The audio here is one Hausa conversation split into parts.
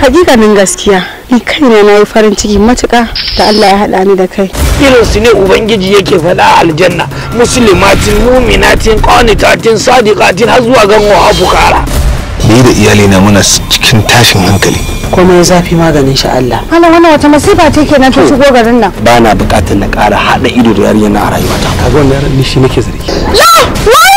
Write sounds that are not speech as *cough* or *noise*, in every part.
hakikanin gaskiya ni ne na yi farin ciki matuka da Allah ya haɗa ni da kai irin su ne ubangiji yake faɗa a aljanna musulmatin muminatin qanitatin sadiqatin har zuwa ga kara. ni da iyali na muna cikin tashin hankali komai zafi maganin shi Allah Allah wannan wata masifa ce kenan ta shigo garin nan ba na buƙatar na ƙara haɗa ido da yarinya na a rayuwata kaga wannan ni shi nake zargi la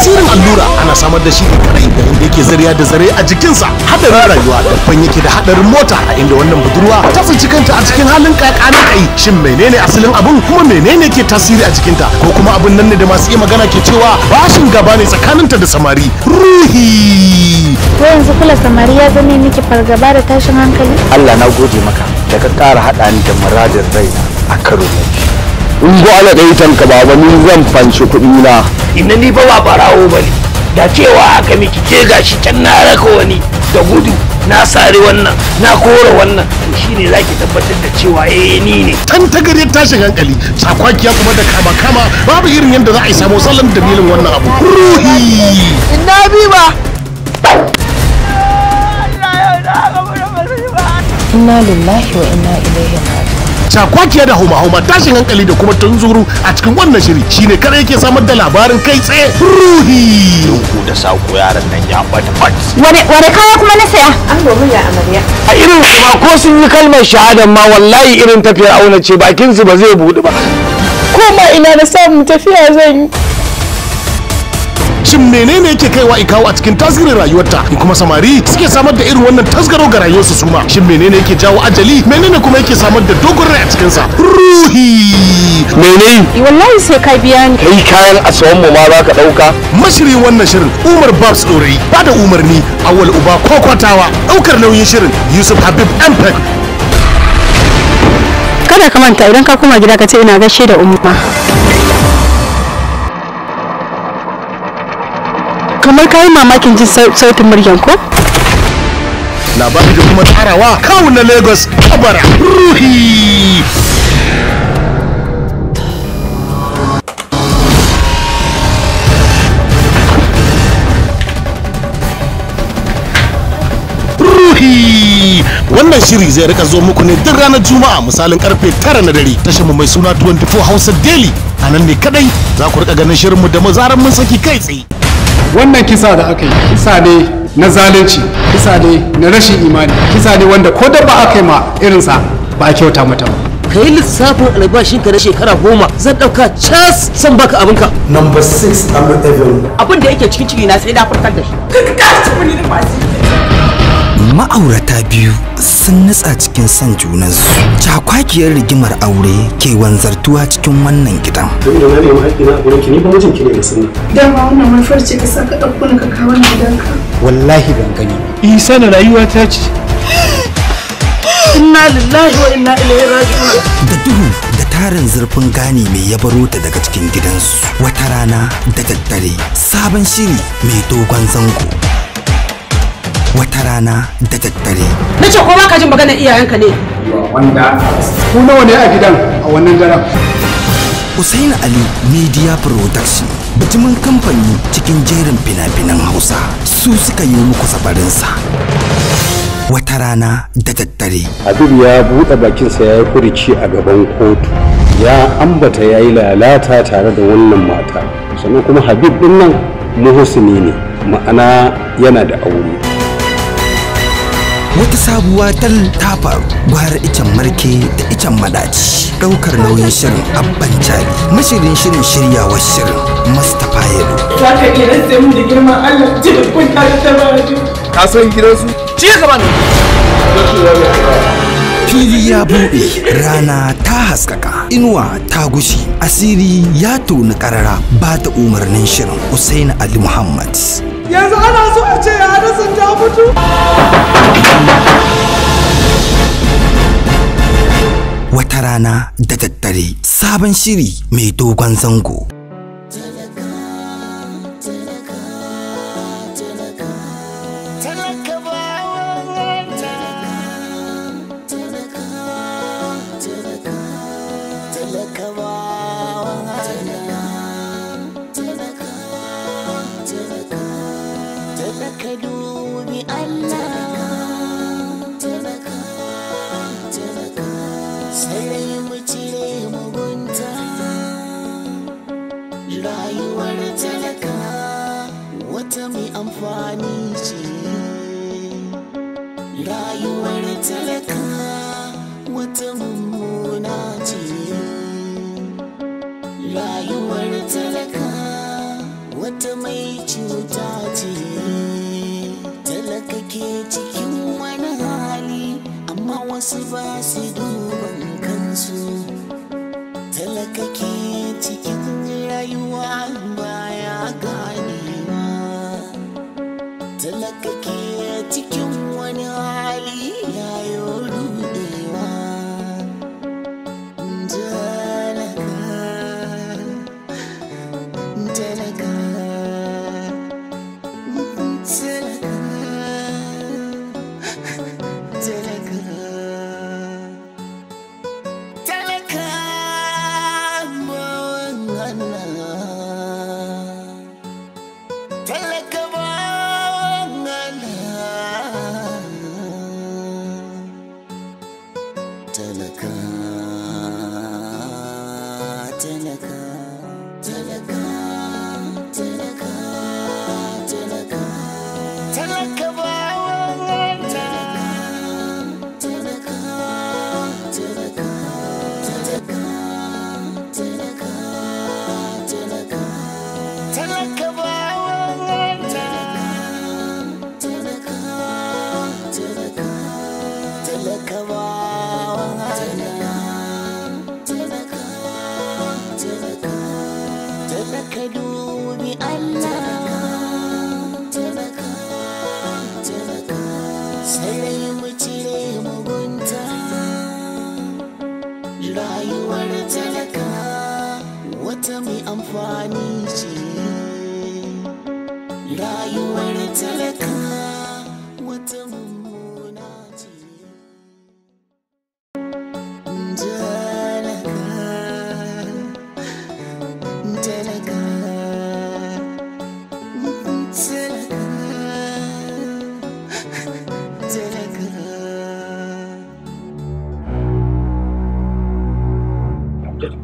tasirin allura ana samar da shi da kadai da yake zariya da zare a jikinsa hadarin rayuwa daban yake da hadarin mota a inda wannan budurwa ta tsinci kanta a cikin halin kakani kai shin menene asalin abun kuma menene ke tasiri a jikinta ko kuma abun nan ne da masu iya magana ke cewa bashin gaba ne tsakaninta da samari ruhi ko yanzu kula samari ya zame miki fargaba da tashin hankali Allah na gode maka da ka kara haɗa ni da muradin Rai a karo in go ana ɗaitan ka baba ni zan fanshi kuɗi na Ina ni fa ba barawo ba ne da cewa aka miki ke gashi can na raka wani da gudu na sare wannan na kora wannan to shine zaki tabbatar da cewa eh ni ne tan ta gare tashin hankali sakwakiya kuma da kama kama babu irin yadda za a yi samu sallan dalilin wannan abu ruhi inna bi ba inna lillahi wa inna ilaihi raji'un cakwakiya da hauma-hauma tashin hankali da kuma tunzuru a cikin wannan shiri shine kada yake samar da labarin kai tsaye ruhi ruhu da sako yaran nan ya bata bat wane kaya kuma na saya an domin ya amarya a irin ba ko sun yi kalmar shahada ma wallahi irin tafiyar auna ce bakin su ba zai budu ba ko ma ina na samun tafiya zan yi shin menene yake kaiwa kawo a cikin tasirin rayuwarta in kuma samari suke samar da irin wannan tasgaro ga rayuwarsu su ma shin menene yake jawo ajali menene kuma yake samar da dogon rai a cikin sa ruhi mene eh, wallahi sai ka biya ni kai kayan asawan mu ma zaka dauka mashiri wannan shirin Umar Babs Dorai ba da umarni awal uba kokwatawa daukar nauyin shirin Yusuf Habib Ampek kada ka manta idan ka koma gida ka ce ina gaishe da umma kamar kayi mamakin jin sautin muryan ko labari da kuma tarawa kawo na lagos kabara ruhi ruhi wannan shiri zai rika zo muku ne duk ranar juma'a misalin karfe 9 na dare tashar mai suna 24 hausa daily a nan ne kadai za ku rika ganin shirinmu da zarar mun saki kai tsaye wannan kisa da aka yi kisa ne na zalunci kisa ne na rashin imani kisa ne wanda ko da ba aka yi ma irinsa ba a kyauta mata ba ka yi lissafin albashin ka na shekara goma zan ɗauka cas san baka abinka number 6 abin da yake cikin ciki na sai na farkar da shi ka ka ci wani masu ma'aurata biyu sun nutsa cikin son junansu cakwakiyar rigimar aure ke wanzartuwa cikin wannan gidan wanda na haƙƙi na aure ki ni ba mijin ki ne da sunna dama wannan manufar ce ka sa ka ɗauko ka kawo ni gidanka wallahi ban gani isa eh, sana rayuwa ta ce inna lillahi wa inna ilaihi raji'un da duhu da tarin zurfin gane mai ya baro ta daga cikin gidansu wata rana da daddare sabon shiri mai dogon zango wata rana da daddare. Na ko baka jin maganar iyayenka ne? Wanda ku nawa ne a gidan a wannan daren? Hussein Ali Media Production bitumin kamfani cikin jerin fina-finan Hausa su suka yi muku sabarinsa. Wata rana da daddare. Abin ya buɗe bakinsa ya yi furici a gaban kotu. Ya ambata ya yi lalata tare da wannan mata. Sannan kuma Habib ɗin nan muhusini ne ma'ana yana da aure. wata sabuwa tal ta gwar icen marke da icen madaci daukar nauyin shirin abban cari mashirin shirin shiryawa shirin mustapha yalo za ka iya mu da girman allah da kun ta ta ka san su ci gaba ne fili ya buɗe rana ta haskaka inuwa ta gushi asiri ya toni karara ba ta umarnin shirin usaini ali muhammad yanzu ana so a ce ya sun ta mutu wata rana da daddare sabon shiri mai dogon zango rayuwar talaka wata mai amfani ce rayuwar talaka wata mai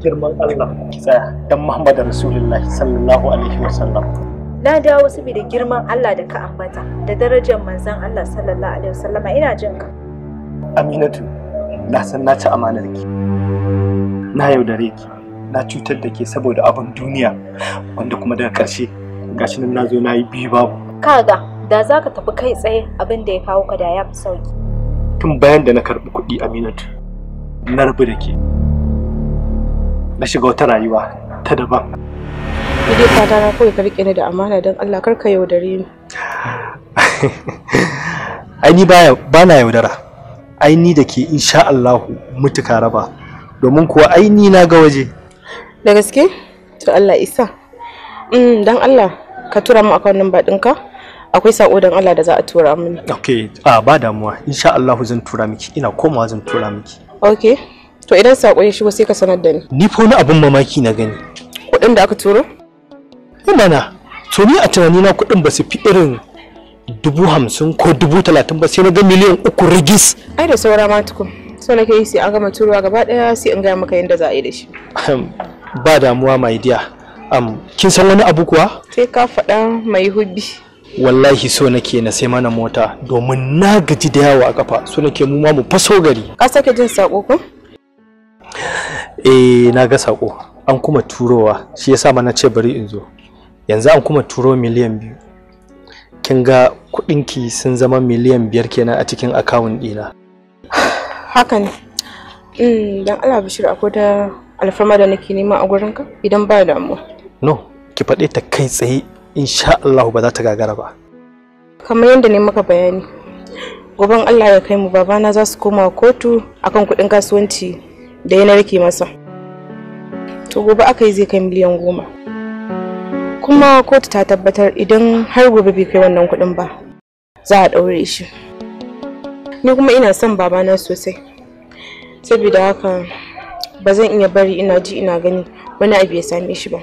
girman Allah ki tsaya dan Muhammadu Rasulullah sallallahu alaihi wasallam na dawo saboda girman Allah da ka ambata da darajar manzon Allah sallallahu alaihi wasallama ina jin ka Aminatu na san na ci amanar ki na yaudare ki na cutar da ke saboda abin duniya wanda kuma daga ƙarshe gashi nan na zo na yi biyu babu kaga da za ka tafi kai tsaye abin da ya kawo ka da ya fi sauki. Tun bayan da na karɓi kuɗi Aminatu, na rabu da ke. na shiga wata rayuwa ta daban. Idan fata na kawai ka rike ni da amana don Allah kar ka yaudare ni. *laughs* Ai ni ba na yaudara. Ai ni da ke insha Allahu mutuka raba. Domin kuwa ai ni na ga waje. Da gaske? To Allah isa. Mm, don Allah ka tura mu akwai nan ɗinka. Akwai sako don Allah da za a tura mini. Okay, ah, ba damuwa. Insha Allahu zan tura miki. Ina komawa zan tura miki. Okay. To idan saƙo ya shigo sai ka sanar da ni. Ni fa wani abin mamaki na gani. Kuɗin da aka turo? Imana, eh, to ni a tunanina kuɗin ba su fi irin dubu hamsin ko dubu talatin ba sai na ga miliyan uku rigis. Ai da saura ma tukun. So na yi sai an gama turuwa gaba ɗaya sai in gaya maka yadda za a yi da shi. Ba damuwa mai diya. Um, kin san wani abu kuwa? Sai ka faɗa mai hubbi. wallahi so nake na sai mana mota domin na gaji da yawa a kafa so nake mu ma mu faso gari ka sake jin sako ko eh na ga sako an kuma turowa shi yasa ma na ce bari in zo yanzu an kuma turo miliyan biyu kin ga ki sun zama miliyan biyar kenan a cikin akawun ɗina haka ne eh, don Allah bishir akwai ta alfarma da nake nema a gurin ka idan ba damuwa no ki faɗe ta kai tsaye insha Allah ba za ta gagara ba kamar yadda ne maka bayani goben Allah ya kai mu babana za su koma kotu akan kudin kasuwanci da ya narke masa to gobe aka yi zai kai miliyan goma kuma kotu ta tabbatar idan har gobe bai kai wannan kuɗin ba za a ɗaure shi ni kuma ina son babana sosai saboda haka ba zan iya bari ina ji ina gani wani abu ya same shi ba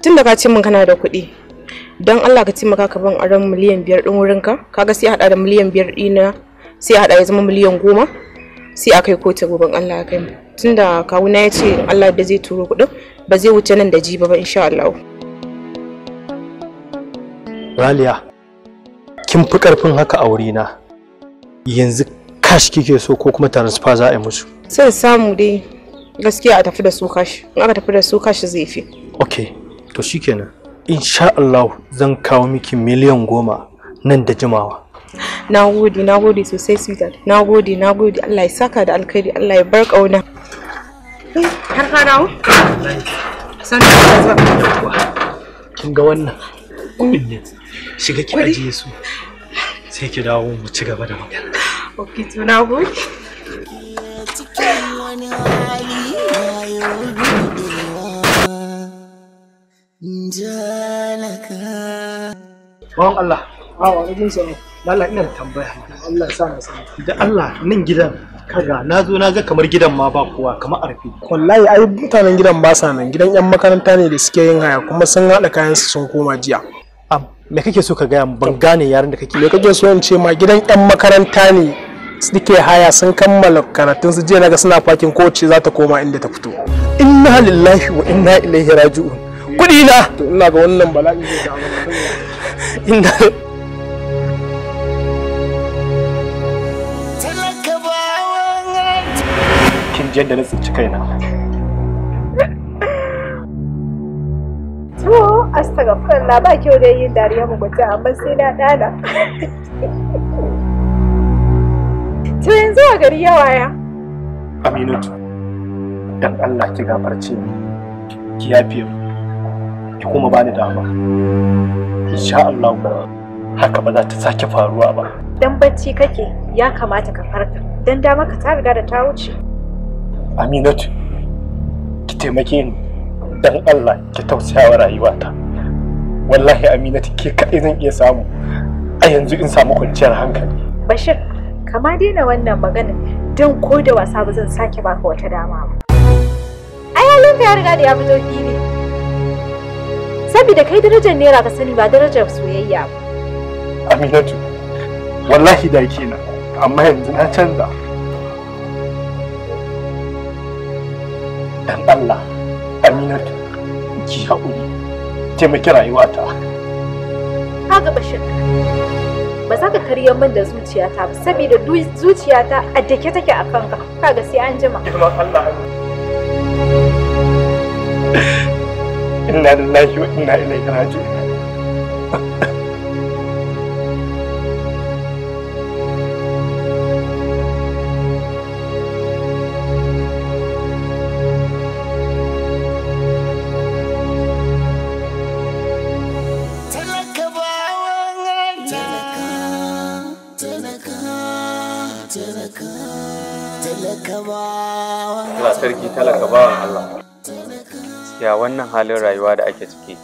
tun da ka ce min kana da kuɗi don allah ka taimaka ka ban aron miliyan biyar ɗin wurinka kaga sai hada da miliyan biyar ɗina sai hada ya zama miliyan goma sai a kai kotu gobe allah ya kai mu tunda kawuna ya ce Allah da zai turo kuɗin ba zai wuce nan da jiba ba insha Allah. Raliya, kin fi ƙarfin haka a wurina yanzu kashi kike so ko kuma transfer za a yi musu. Sai samu dai gaskiya a tafi da su kashi in aka tafi da su kashi zai fi. Ok, to shikenan. Insha Allah zan kawo miki miliyan goma nan da jimawa. na gode na gode sosai sweetheart na gode na gode allah ya saka da alkhairi allah ya bar ƙauna. Har ka dawo? Sannan zuwa. Kin ga wannan? Kullum shiga ki ajiye su. Sai ki dawo mu ci gaba da magana. Okay, to na gode. Bawan Allah. Lala ina da tambaya Allah ya sa na sani. Da Allah nan gidan kaga na zo na ga kamar gidan ma ba kowa kamar arfi. Wallahi ai mutanen gidan ba sa nan gidan yan makaranta ne da suke yin haya kuma sun haɗa kayan su sun koma jiya. Am me kake so ka gaya ban gane yaran da kake. Me kake so in ce ma gidan yan makaranta ne suke haya sun kammala karatun su jiya naga suna fakin kowace za ta koma inda ta fito. Inna lillahi wa inna ilaihi raji'un. Kuɗi na. To ina ga wannan bala'i da ga Inna yadda na tsinci kaina to astagfirullah ba kyau dai yin dariya mugunta amma sai na dana to yanzu a gari ya waya aminatu dan Allah ki gafarce ni ki yafe mu ki kuma bani dama insha Allah haka ba za ta sake faruwa ba dan bacci kake ya kamata ka farka dan dama ka ta riga da ta wuce Aminatu, ki taimake ni don Allah ki tausaya wa rayuwata. Wallahi Aminatu ke kaɗai zan iya samu a yanzu in samu kwanciyar hankali. Bashir, kama daina wannan magana don ko da wasa ba zan sake baka wata dama ba. Ai halin ya riga da ya fito fili. Saboda kai darajar naira ka sani ba darajar soyayya ba. Aminatu, wallahi da kenan, amma yanzu na canza. dan Allah Aminatu ki haƙuri taimaki rayuwata ga bashir ba za ka karya man da zuciyata ba saboda zuciyata a dake take a kanka ga sai an jima girman Allah inna lillahi wa inna ilaihi raji'un gaskiya wannan halin rayuwa da ake ciki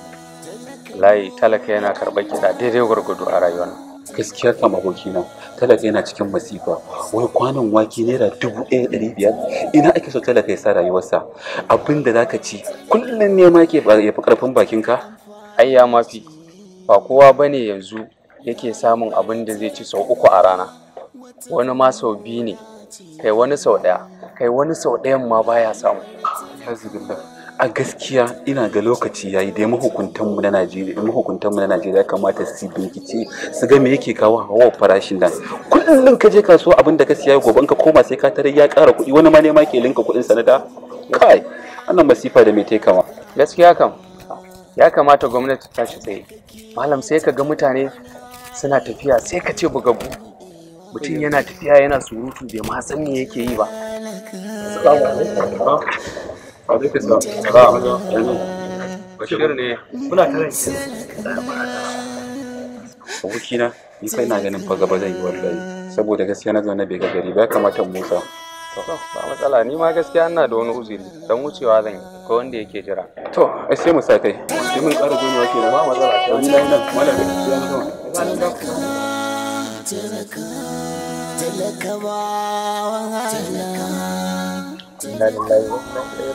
layi talaka yana karɓar kiɗa daidai gwargwado a rayuwar gaskiya kama abokina talaka yana cikin masifa wai kwanan wake naira dubu ɗaya ɗari biyar ina ake so talaka ya sa rayuwarsa abin da zaka ci kullum ne ma ke ya fi ƙarfin bakinka ai ya mafi ba kowa bane yanzu yake samun abin da zai ci sau uku a rana wani ma sau biyu ne kai wani sau ɗaya kai wani sau ɗayan ma baya samu a gaskiya ina ga lokaci yayi da mu na Najeriya mu na Najeriya ya kamata su bincike su ga me yake kawo hawa farashin nan kullun ka je kasuwa abin da ka siya gobe ka koma sai ka tare ya ƙara kuɗi wani ma ne ma ke linka kuɗin sanada kai annan masifa da me ta kama gaskiya kam ya kamata gwamnati ta shi tsaye malam sai ka ga mutane suna tafiya sai ka ce bugaggu mutum yana tafiya yana surutu bai ma san me yake yi ba alaikum salam ne ni ganin fa gaba zai yi wallahi saboda gaskiya na zaune bai ga gari ba kamata musa ba matsala ni ma gaskiya ina da wani uzuri dan wucewa zan yi ko wanda yake jira to ai sai mu sa kai sai mun ƙara gona wake da ba matsala nan talaka talaka ba inna lillahi wa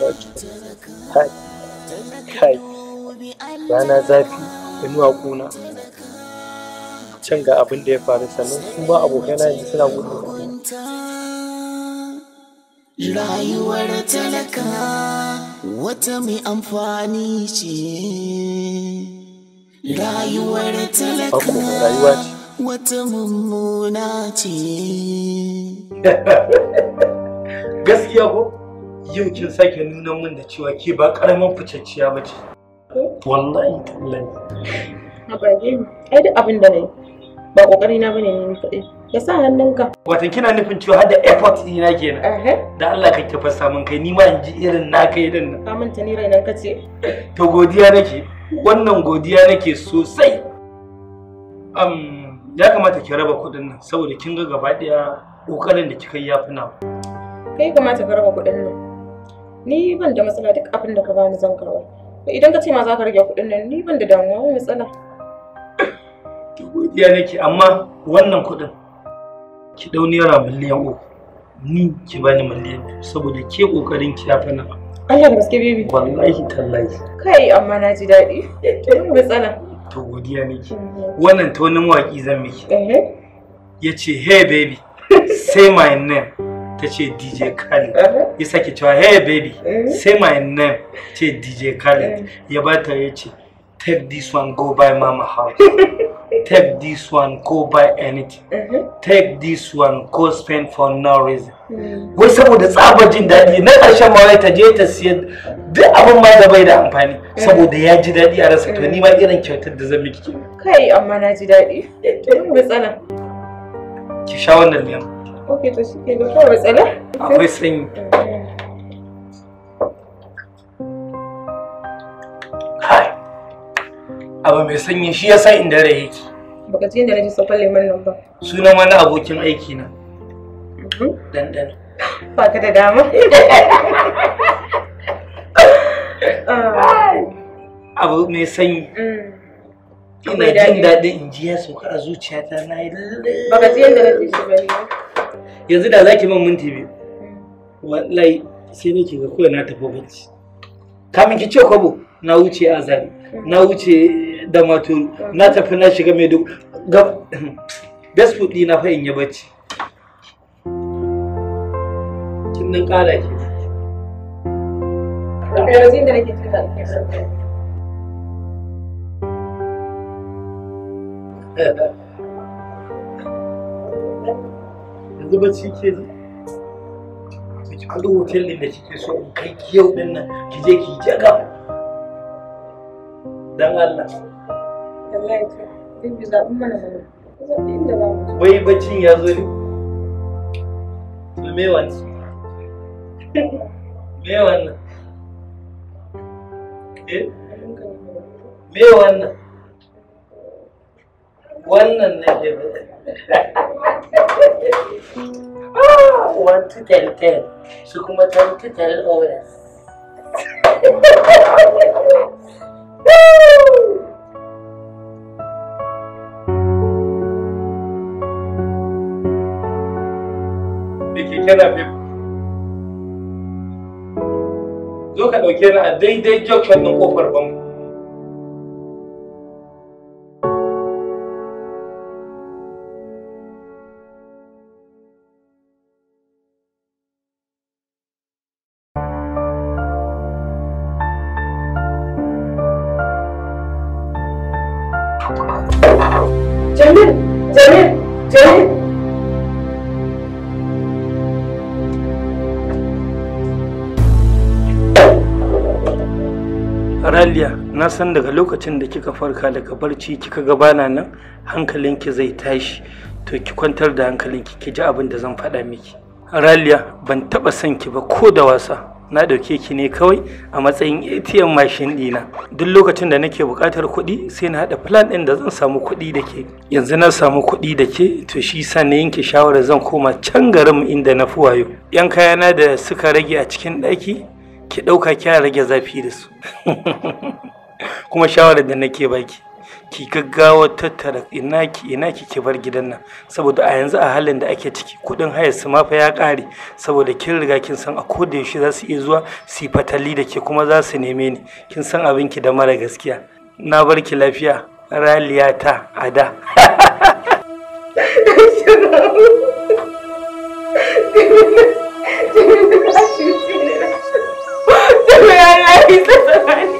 inna kai kai rana zafi inuwa kuna can ga abin da ya faru sannan su ma abokaina yanzu suna gudu rayuwar talaka wata mai amfani ce rayuwar talaka wata mummuna ce *laughs* gaskiya ko yau kin sake nuna min da cewa ke ba karamin ficacciya ba ce. Wallahi tallahi. A bage ni, ai abin da na yi ba kokari na bane ne kaɗai. Ya sa hannunka. Wato kina nufin cewa har da airport ina kenan. Da Allah ka kifa min kai ni ma in ji irin na kai din nan. Ka manta ni rainan ka ce. To godiya nake, wannan godiya nake sosai. ya kamata ki raba kuɗin nan saboda kin ga gaba ɗaya ƙoƙarin da kika yi ya fi na. Kai kamata ka raba kuɗin nan. ni ban da matsala duk abin da ka bani zan karɓa idan ka ce ma za ka rage kuɗin nan ni ban da damuwa wani matsala godiya nake amma wannan kuɗin ki dau naira miliyan uku ni ki bani miliyan biyu saboda ke kokarin ki yafi na Allah gaske bibi. wallahi tallahi kai amma na ji daɗi *laughs* matsala to godiya nake wannan ta wani waki zan miki eh. ya ce hey baby say my name ta ce dj khaled eh? ya sake cewa hey baby eh? say my name ce dj khaled eh. ya ba ta ya ce take this one go buy mama house *laughs* take this one go buy anything take this one go spend for no reason hmm. wai saboda tsabar jin daɗi na ƙarshen ma ta je ta siya duk abin ma da bai da amfani saboda ya ji daɗi a rasa to ni ma irin kyautar da zan miki kai amma na ji daɗi *laughs* matsala ki sha wannan lemu ok to shi da kawai tsala akwai sanyi kai abu mai sanyi shi ya sa inda rai yake baka ji da naji sakon lemon nan ba sunan wani abokin aiki na mhm. dandana ba ka da dama abu mai sanyi mm. ina jin daɗin in ji ya sauka a zuciyata na yi lalle baka ji yadda na ji shi ba ne yanzu da zaki man minti biyu hmm. wallahi sai nake ga kawai na tafi bacci kamin ki ce kwabo na wuce azari hmm. na wuce da damaturu hmm. na tafi na shiga mai duk gab best food na fa in yi bacci kin nan ƙara ki Yeah. yanzu bacci hotel din da kike so in kai ki yau din nan ki je ki jaga dan Allah wai baccin ya zo ne me wannan me wannan eh? me wannan wannan Ah, one to ten ten. Su kuma ten to ten horas. ɗauke ni a daidai jokin ɗin ƙofar bango. san daga lokacin da kika farka daga barci kika ga bana nan hankalinki zai tashi to ki kwantar da hankalinki ki ji abin da zan faɗa miki raliya ban taɓa son ki ba ko da wasa na ɗauke ki ne kawai a matsayin atm mashin ɗina duk lokacin da nake buƙatar kuɗi sai na haɗa plan ɗin da zan samu kuɗi da ke yanzu na samu kuɗi da ke to shi sa na yanke shawarar zan koma can garin inda na fi wayo yan kayana da suka rage a cikin ɗaki ki ɗauka kya rage zafi da su *laughs* kuma shawarar da nake baki ki gaggawa tattara ina ki ina ki ki bar gidan nan saboda a yanzu a halin da ake ciki kudin hayar su ma ya kare saboda kin riga kin san a koda yaushe za su iya zuwa su fatali da ke kuma za su neme ni kin san abin ki da mara gaskiya na bar ki lafiya raliya ta ada Thank you.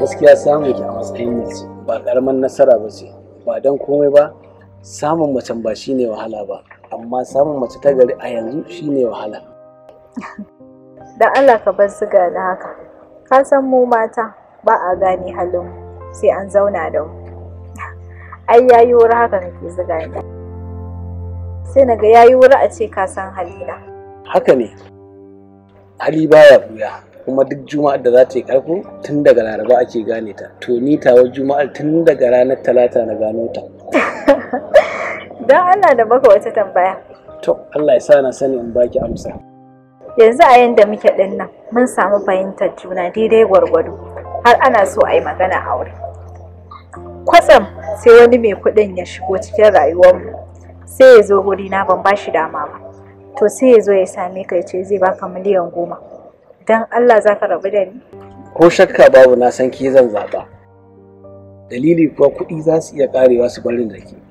gaskiya samun ki a matsayin mace ba karamar nasara ba ce ba don komai ba samun macen ba ne wahala ba amma samun mace ta gari a yanzu shine wahala dan Allah ka bar siga da haka ka san mu mata ba a gane halin sai an zauna da mu ai yayi wuri haka nake zuga ni sai naga yayi wuri a ce ka san halina haka ne hali baya buya kuma duk juma'ar da za ta yi karko tun daga laraba ake gane ta to ni tawa juma'ar tun daga ranar talata na gano ta *laughs* don allah da baka wata tambaya to allah ya sa na sani in baki amsa yanzu a yanda muke nan, mun samu fahimtar juna daidai gwargwado har ana so a yi magana aure kwatsam sai wani mai kuɗin ya shigo cikin rayuwarmu sai ya zo guri na ban bashi dama ba to sai ya zo ya same ka ya ce zai baka miliyan goma don allah za ka rabu da ni ko shakka babu na san ki zan zaɓa dalili kuwa kuɗi za su iya ƙarewa su barin da ke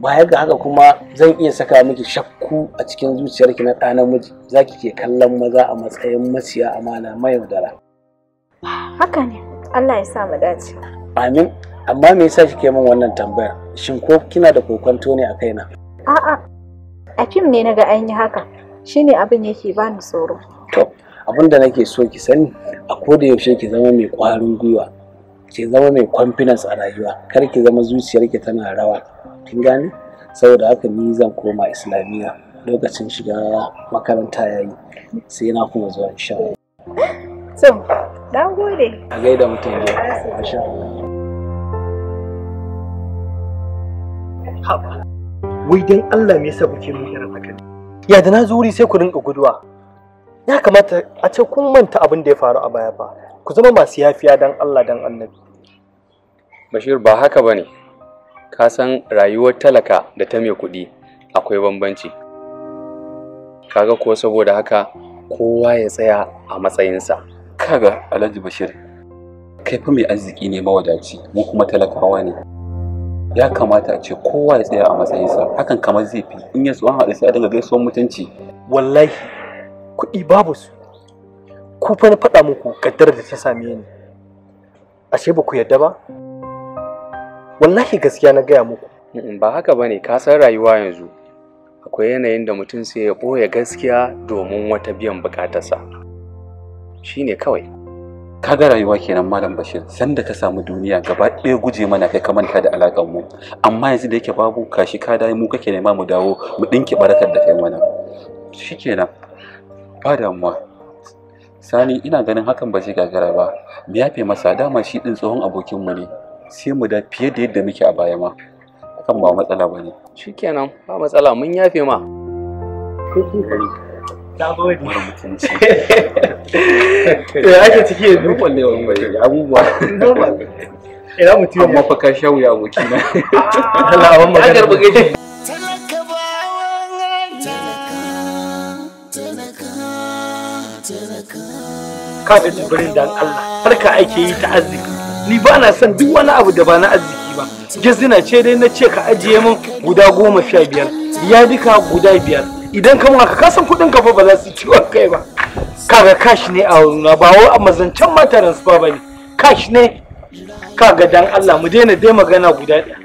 baya ga haka kuma zan iya saka miki shakku a cikin zuciyarki na ɗa namiji za ki ke kallon maza a matsayin maciya amana yaudara. Haka ne, Allah ya sa mu dace. Amin, amma me yasa kike min wannan tambayar? Shin ko kina da kokonto ne a kaina? A'a, a fim ne naga ga an yi haka, shine abin yake bani tsoro. To, abin da nake so ki sani, a koda yaushe ki zama mai ƙwarin gwiwa, ki zama mai confidence a rayuwa, kar ki zama zuciyarki tana rawa. kin gane saboda haka ni zan koma islamiyya lokacin shiga makaranta yayi sai na kuma zuwa insha Allah so na gode a gaida mutum ne wai dan Allah me yasa kuke mun irin haka ya da na zuri sai ku rinka guduwa ya kamata a ce kun manta abin da ya faru a baya ba ku zama masu yafiya dan Allah dan Annabi Bashir ba haka bane ka san rayuwar talaka da ta mai kuɗi akwai bambanci kaga ko saboda haka kowa ya tsaya a matsayinsa kaga alhaji bashir kai fa mai arziki ne mawadaci mu kuma talakawa ne ya kamata a ce kowa ya tsaya a matsayinsa hakan kamar zai fi in ya tsohon haɗu sai a dinga gaisuwar mutunci wallahi kuɗi babu su ku fa na faɗa muku kaddar da ta same ni ashe ba ku yarda ba wallahi gaskiya na gaya muku ba haka bane ka san rayuwa yanzu akwai yanayin da mutum sai ya ɓoye gaskiya domin wata biyan bukatarsa shine kawai ka rayuwa kenan malam bashir sanda ka samu duniya gaba ɗaya guje mana kai ka manta da alakan mu amma yanzu da yake babu kashi ka dai mu kake nema mu dawo mu dinki barakar da kai mana shikenan ba damuwa sani ina ganin hakan ba shi gagara ba mu yafe masa dama shi din tsohon abokin mu ne sai mu da fiye da yadda muke a baya ma hakan ba matsala ba ne shikenan ba matsala mun yafe ma ya eh, ake ciki wani bai eh, abubuwa ina ka sha wuya magana ka da jibirin dan Allah har ka ake yi ta arziki ni ba na son duk wani abu da ba na arziki ba gizina ce dai na ce ka ajiye min guda goma sha biyar ya duka guda biyar idan ka ka kasan kuɗin ka fa ba za su ciwon kai ba kaga cash ne a wuruna ba wai amazancan mazancan ma ba ne cash ne kaga dan Allah mu daina dai magana guda ɗaya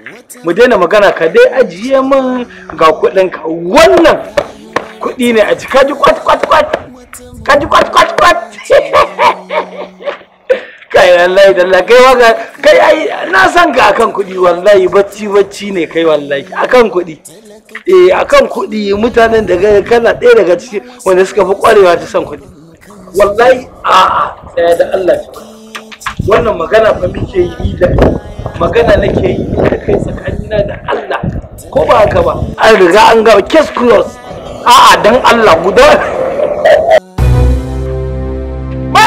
mu daina magana ka dai ajiye min ga kuɗin ka wannan kuɗi ne a ji kaji kwat kwat kwat kaji kwat kwat kwat *laughs* kai wallahi dalla kai waka kai ai na san ka akan kuɗi wallahi bacci bacci ne kai wallahi akan kuɗi eh akan kuɗi mutanen da ga kana ɗaya daga cikin wanda suka fi ƙwarewa ta san kuɗi wallahi a a tsaya da Allah wannan magana fa muke yi da magana nake yi da kai tsakanina da Allah ko ba haka ba an riga an ga case close a'a dan Allah guda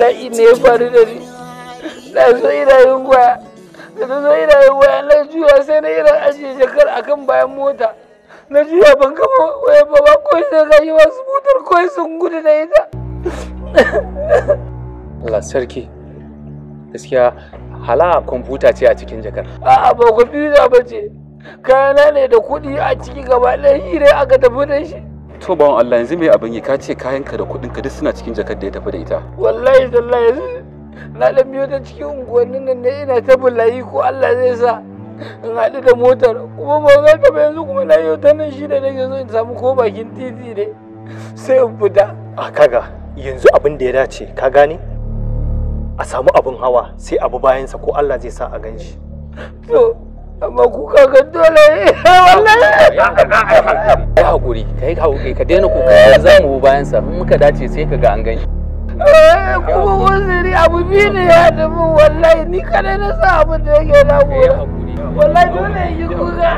bala'i ne faru da ni na zo ina yin waya da na zo ina yin waya na juya sai na ina ajiye jakar akan bayan mota na juya ban gama waya ba ba ko sai ga yi wasu motar ko sun gudu da ita Allah sarki gaskiya hala kwamfuta ce a cikin jakar a'a ba kwamfuta ba ce kayana ne da kuɗi a ciki gaba ɗaya shi ne aka tafi da shi to bawon Allah yanzu me abin yi ka ce kayanka da kuɗin ka duk suna cikin jakar da ya tafi da ita wallahi wallahi yanzu na da biyo ta cikin unguwannin nan ne ina ta bulayi ko Allah zai sa in haɗu da motar kuma ba za ka ba yanzu kuma na yi ta nan shi da nake so in samu ko bakin titi ne sai in fita a kaga yanzu abin da ya dace ka gane a samu abin hawa sai abu bayansa ko Allah zai sa a gan shi to amma kuka ga dole *laughs* wallahi ya hakuri kai haƙuri ka daina kuka za mu bayan sa in muka dace sai ka ga an gani eh, kuma uzuri abu biyu ne ya dubu wallahi ni ka na sa abu da yake na gora wallahi dole yi kuka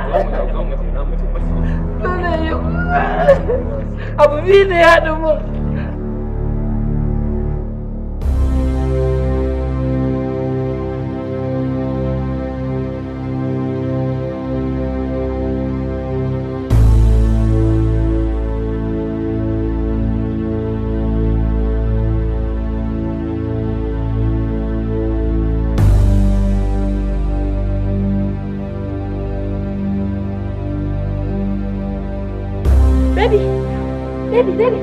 dole yi kuka abu biyu ne ya dubu baby, baby.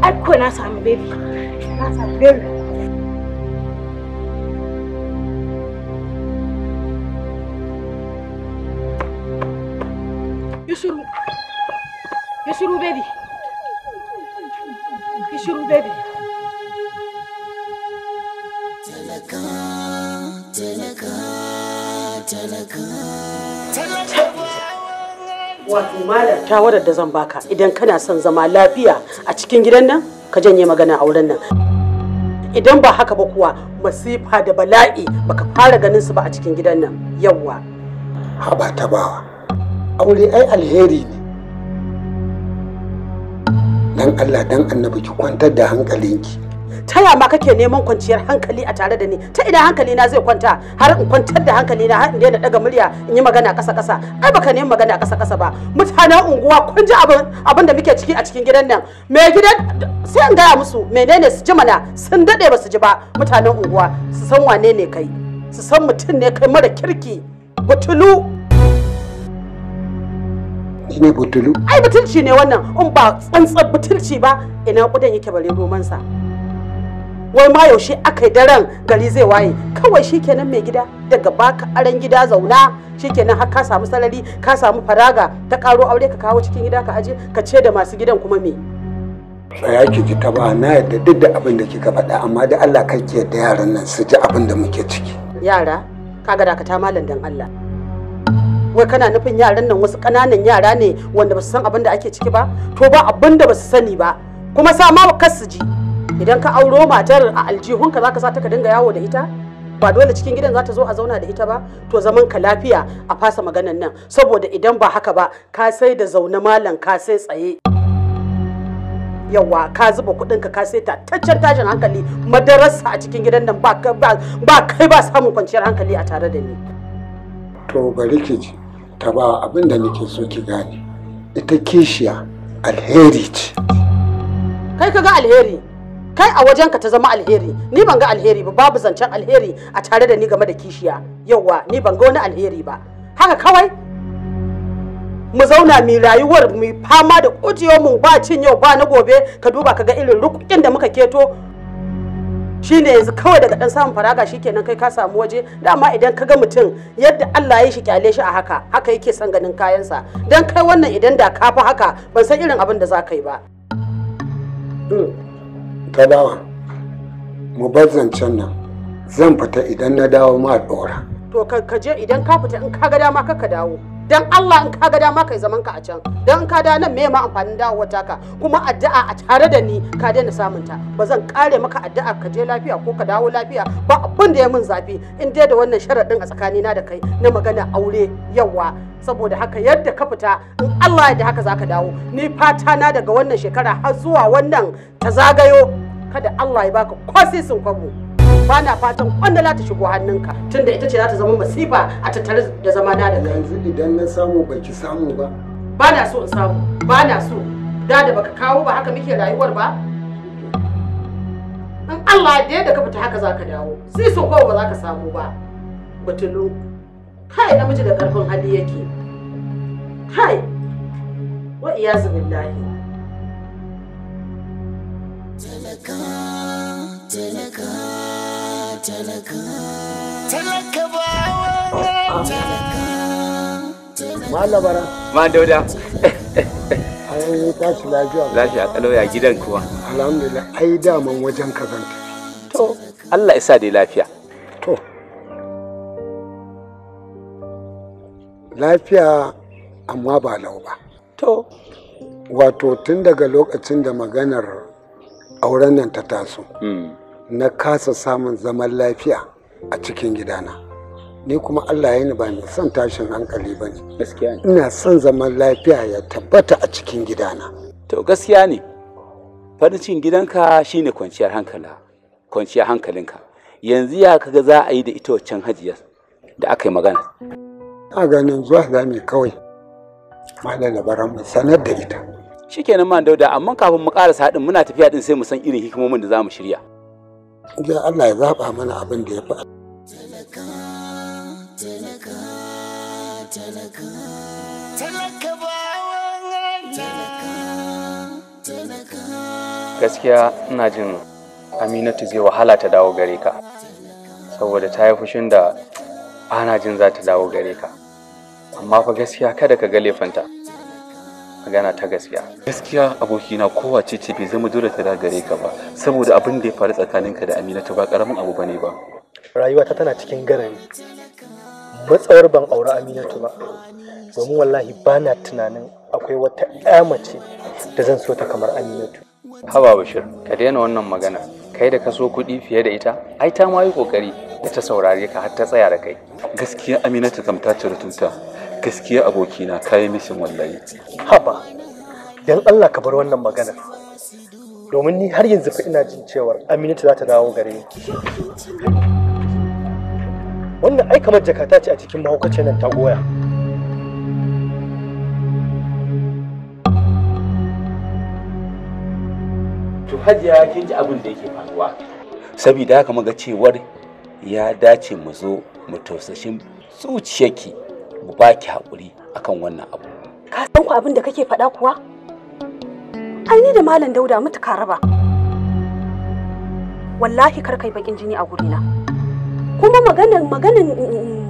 Ai ko na sami baby. Na sami baby. malam shawarar da zan baka idan kana son zama lafiya a cikin gidan nan ka janye magana auren nan idan ba haka ba kuwa masifa da bala'i baka fara ganin su ba a cikin gidan nan yawwa haba ta bawa aure ai alheri ne dan Allah dan annabi ki kwantar da hankalinki ta ya ma kake neman kwanciyar hankali a tare da ni ta ina hankali na zai kwanta har in kwantar da hankali na har in daina daga murya in yi magana kasa kasa ai baka nemi magana kasa kasa ba mutanen unguwa kun ji abin abin da muke ciki a cikin gidan nan me gidan sai in gaya musu menene su ji mana sun dade ba su ji ba mutanen unguwa su san wane ne kai su san mutum ne kai mara kirki butulu ne butulu ai butulci ne wannan in ba tsantsar butulci ba ina kudan yake bare romansa wai ma yaushe aka yi daren gari zai waye kawai shikenan mai gida daga baka aran gida zauna shikenan har ka samu salari ka samu faraga ta karo aure ka kawo cikin gida ka aje ka ce da masu gidan kuma me tsaya ki ji ta ba na yadda duk da abin da kika faɗa amma da Allah kake da yaran nan su ji abin da muke ciki yara kaga dakata malam dan Allah wai kana nufin yaran nan wasu kananan yara ne wanda ba su san abin da ake ciki ba to ba abin da ba su sani ba kuma sa ma kar su ji idan ka auro matar a aljihunka ka sa ta ka dinga yawo da ita ba dole cikin gidan za ta zo a zauna da ita ba to zaman ka lafiya a fasa maganan nan saboda idan ba haka ba ka sai da zaune malam ka sai tsaye yawa ka zuba kudinka ka sai taccen tashin hankali madarasa a cikin gidan nan ba kai ba samun kwanciyar hankali a tare da ni to bari ki ta ba abin da nake so ki gane ita kishiya alheri ce kai ka ga alheri kai a wajenka ta zama alheri ni ban ga alheri ba babu zancen alheri a tare da ni game da kishiya yauwa ni ban ga wani alheri ba haka kawai mu zauna mu rayuwar mu fama da kujewa mu ba cin yau ba na gobe ka duba ka ga irin rukukin da muka keto shine yanzu kawai daga dan samun faraga shikenan kai ka samu waje dama idan ka ga mutum yadda Allah ya shi kyale shi a haka haka yake son ganin kayansa dan kai wannan idan da ka fi haka ban san irin abin da za ka yi ba. Hmm. Kabawa, mu bar zancen nan zan fita idan na dawo ma ɗora. To ka je idan ka fita in ka ga dama ka dawo. dan Allah in ka ga dama kai zaman ka a can dan in ka da nan me ma amfanin wata ka. kuma addu'a a tare da ni ka daina samun ta ba zan kare maka addu'a ka je lafiya ko ka dawo lafiya ba abin da ya min zafi in dai da wannan sharaɗin a tsakanina da kai na magana aure yawa saboda haka yadda ka fita in Allah ya da haka zaka dawo ni fata na daga wannan shekara har zuwa wannan ta zagayo kada Allah ya baka kwasi sun kwabo ba na fatan za ta shigo hannunka tunda ita ce za ta zama masifa a tattare da zamana da kai yanzu idan na samu ki samu ba ba na so in samu ba na so da da baka kawo ba haka muke rayuwar ba in Allah da yadda ka fita haka za ka dawo sai so kawai ba za ka samu ba butulu kai namiji da karfin hali yake kai wa iyazu billahi Talaka, talaka. talaka talaka ba Malabara. Ma dauda. Ai tashi lafiya. Lafiya kalau ya gidan kuwa. Alhamdulillah ai daman wajen ka zanta. To Allah ya sa dai lafiya. To. Lafiya amma ba lau ba. To. Wato tun daga lokacin da maganar auren nan ta taso. Mm. na kasa samun zaman lafiya a cikin gidana ni kuma allah ya ni ba mai son tashin hankali ba ne ina son zaman lafiya ya tabbata a cikin gidana to gaskiya ne farin cikin gidanka shine kwanciyar hankala kwanciyar hankalinka yanzu ya kaga za a yi da ita wancan hajiya da aka yi magana a ganin zuwa za mu kawai malam labaran mu sanar da ita shikenan man dauda amma kafin mu karasa hadin muna tafiya din sai mu san irin hikimomin da za mu shirya da Allah ya zaba mana abin da ya fi talaka talaka talaka gaskiya ina jin aminatu zai wahala ta dawo gare ka saboda ta yi fushin da ana jin za ta dawo gare ka amma fa gaskiya kada ka ga laifinta magana ta gaskiya gaskiya abokina kowa ce bai zama dole ta gare ka ba saboda abin da ya faru tsakaninka da aminatu ba karamin abu bane ba rayuwata tana cikin garari matsawar ban aure aminatu ba domin wallahi ba na tunanin akwai wata ƴa mace da zan so ta kamar aminatu haba bashir ka daina wannan magana kai da kaso kuɗi fiye da ita ai ta ma yi kokari da ta saurare ka har ta tsaya da kai gaskiya aminatu kam ta cire tuta gaskiya abokina kayi mishin wallahi haba dan Allah ka bar wannan maganar domin ni har yanzu fa ina jin cewar Aminatu za ta dawo gare ni wannan ai kamar jakata ce a cikin mahaukacin nan ta goya to hajiya kin ji abin da yake faruwa saboda haka muga cewar ya dace mu zo mu tausashin zuciyarki mu ki haƙuri akan wannan abu ka san ku abin da kake faɗa kuwa ai ni da malam dauda mutuka raba wallahi kar kai bakin jini a gurina kuma maganan maganan mm, mm,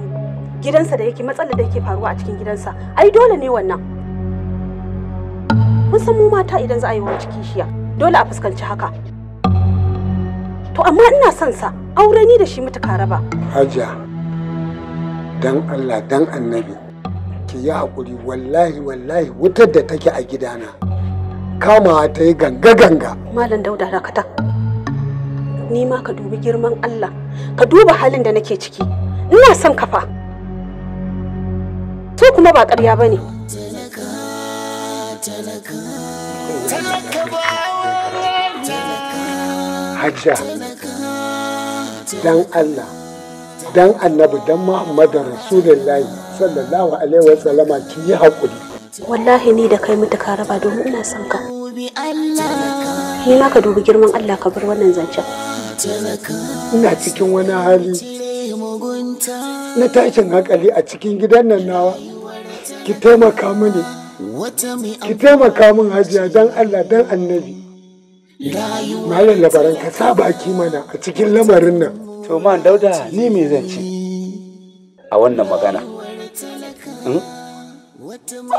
gidansa da yake matsalar da yake faruwa a cikin gidansa ai dole ne wannan mun san mu mata idan za a yi wa kishiya dole a fuskanci haka to amma ina son sa aure ni da shi mutuka raba hajiya dan Allah dan annabi ki yi haƙuri wallahi wallahi wutar da take a gidana kama ta yi ganga ganga malam dauda dakata ni ma ka dubi girman Allah ka duba halin da nake ciki ina son kafa to kuma ba ƙarya bane talaka dan Allah dan annabi dan muhammadu rasulullahi sallallahu alaihi wa sallama ki yi hakuri wallahi ni da kai mutuka raba domin ina son ka ni ma ka dubi girman Allah ka bar wannan zancen ina cikin wani hali na tashin hankali a cikin gidan nan nawa ki taimaka mini ki taimaka min hajiya dan Allah dan annabi malam labaran ka saba ki mana a cikin lamarin nan to man dauda ni me zan ci a wannan magana hmm?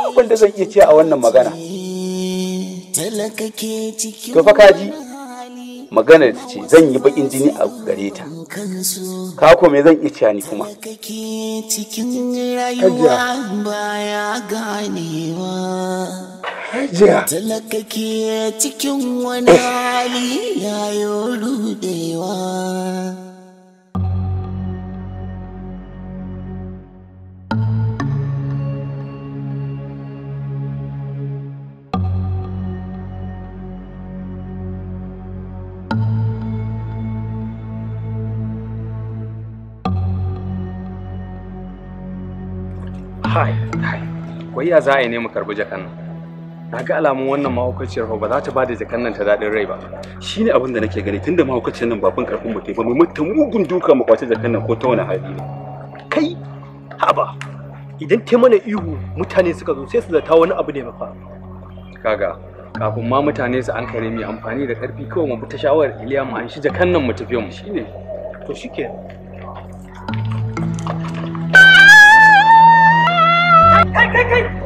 abin da zan iya ce a wannan magana to fa kaji magana da ce zan yi bakin jini a gare ta ka ko me zan iya ce ni kuma Hajiya. Talaka cikin wani hali ya yi rudewa. Hai, hai. ya za a yi ne mu karbi jakan nan? Na ga alamun wannan mahaukaciyar ba za ta da jakan nan ta daɗin rai ba. Shi ne abin da nake gani tunda mahaukaciyar nan ba bin karfin mu ba mu mutum mugun duka mu kwace jakan nan ko ta wani hali ne. Kai, haba. Idan ta mana ihu mutane suka zo sai su zata wani abu ne ba fa. Kaga, kafin ma mutane su an kare mai amfani da karfi kawai mu bi ta shawarar iliya mu an shi jakan nan mu tafi mu ne, to Hey, hey, hey!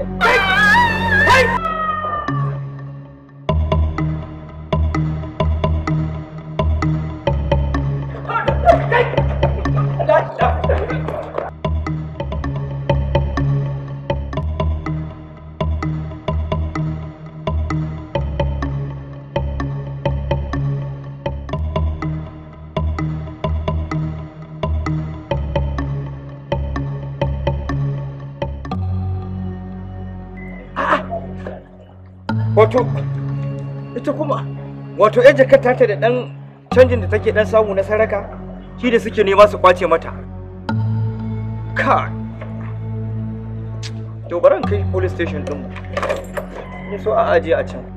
wato ita kuma wato yan jakar ta da dan canjin da take dan samu na saraka shi da suke nema su kwace mata ka to baran kai police station din mu so a aje a can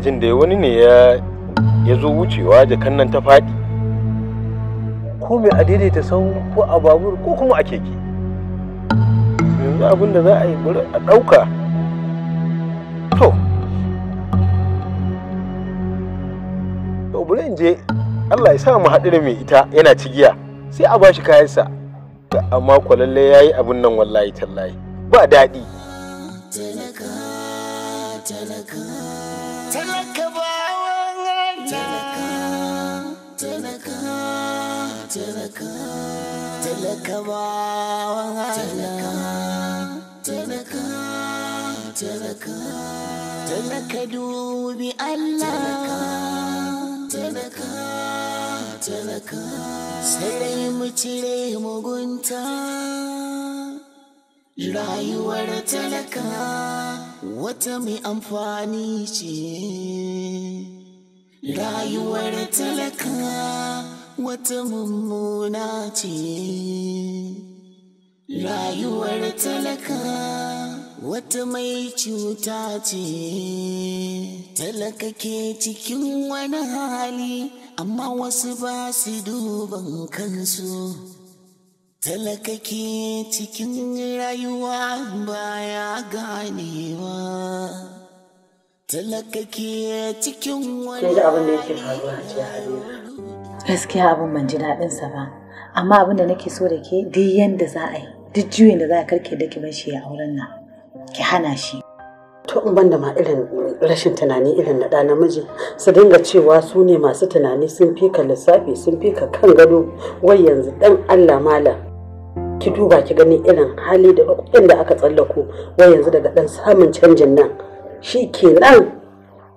jin da wani ne ya ya zo wucewa jakan nan ta faɗi ko mai a daidaita sau ko a babur ko kuma a keke yanzu abin da za a yi bari a ɗauka to to bari in je Allah ya sa mu haɗu da mai ita yana cigiya sai a bashi kayansa amma kwalalle ya yi abin nan wallahi tallahi ba daɗi talaka talaka talaka bawan Allah talaka talaka talaka bawan Allah talaka talaka talaka dubi Allah talaka talaka sai mu cire mugunta rayuwar talaka wata mai amfani ce rayuwar talaka wata mummuna ce rayuwar talaka wata mai cuta ce talaka ke cikin wani hali amma wasu ba su duban kansu Talakake cikin rayuwa baya ganewa. Talakake cikin wani Kin ji abin da yake faruwa a jiya Gaskiya abin ban ji daɗin ba. Amma abin da nake so da ke duk yanda za a yi, duk juyin da za a karke da ki shi a auren nan. Ki hana shi. To in banda ma irin rashin tunani irin na ɗa namiji su dinga cewa su ne masu tunani sun fika lissafi sun fika kan gado wai yanzu dan Allah malam ki duba ki gani irin hali da kuɗin da aka tsallako wai yanzu daga ɗan samun canjin nan shi kenan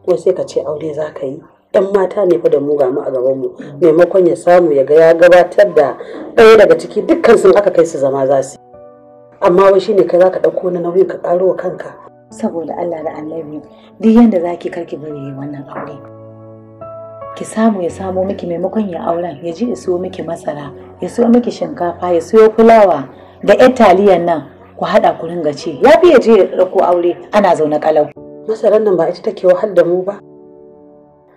wai sai ka ce aure za ka yi yan mata ne fa da mu ga mu a gaban mu maimakon ya samu ya ga ya gabatar da ɗaya daga ciki dukkan sun aka kai su zama za su amma wai shine kai zaka ɗauko na nauyin ka karo kanka saboda Allah da Annabi duk yanda zaki karki bari wannan aure ki samu ya samo miki maimakon ya auren ya ji ya siyo miki masara ya siyo miki shinkafa ya siyo fulawa da yan taliyan nan ku haɗa ku ringa ci ya fi ya je ya ɗauko aure ana zaune kalau. masarar nan ba ita take wahal da mu ba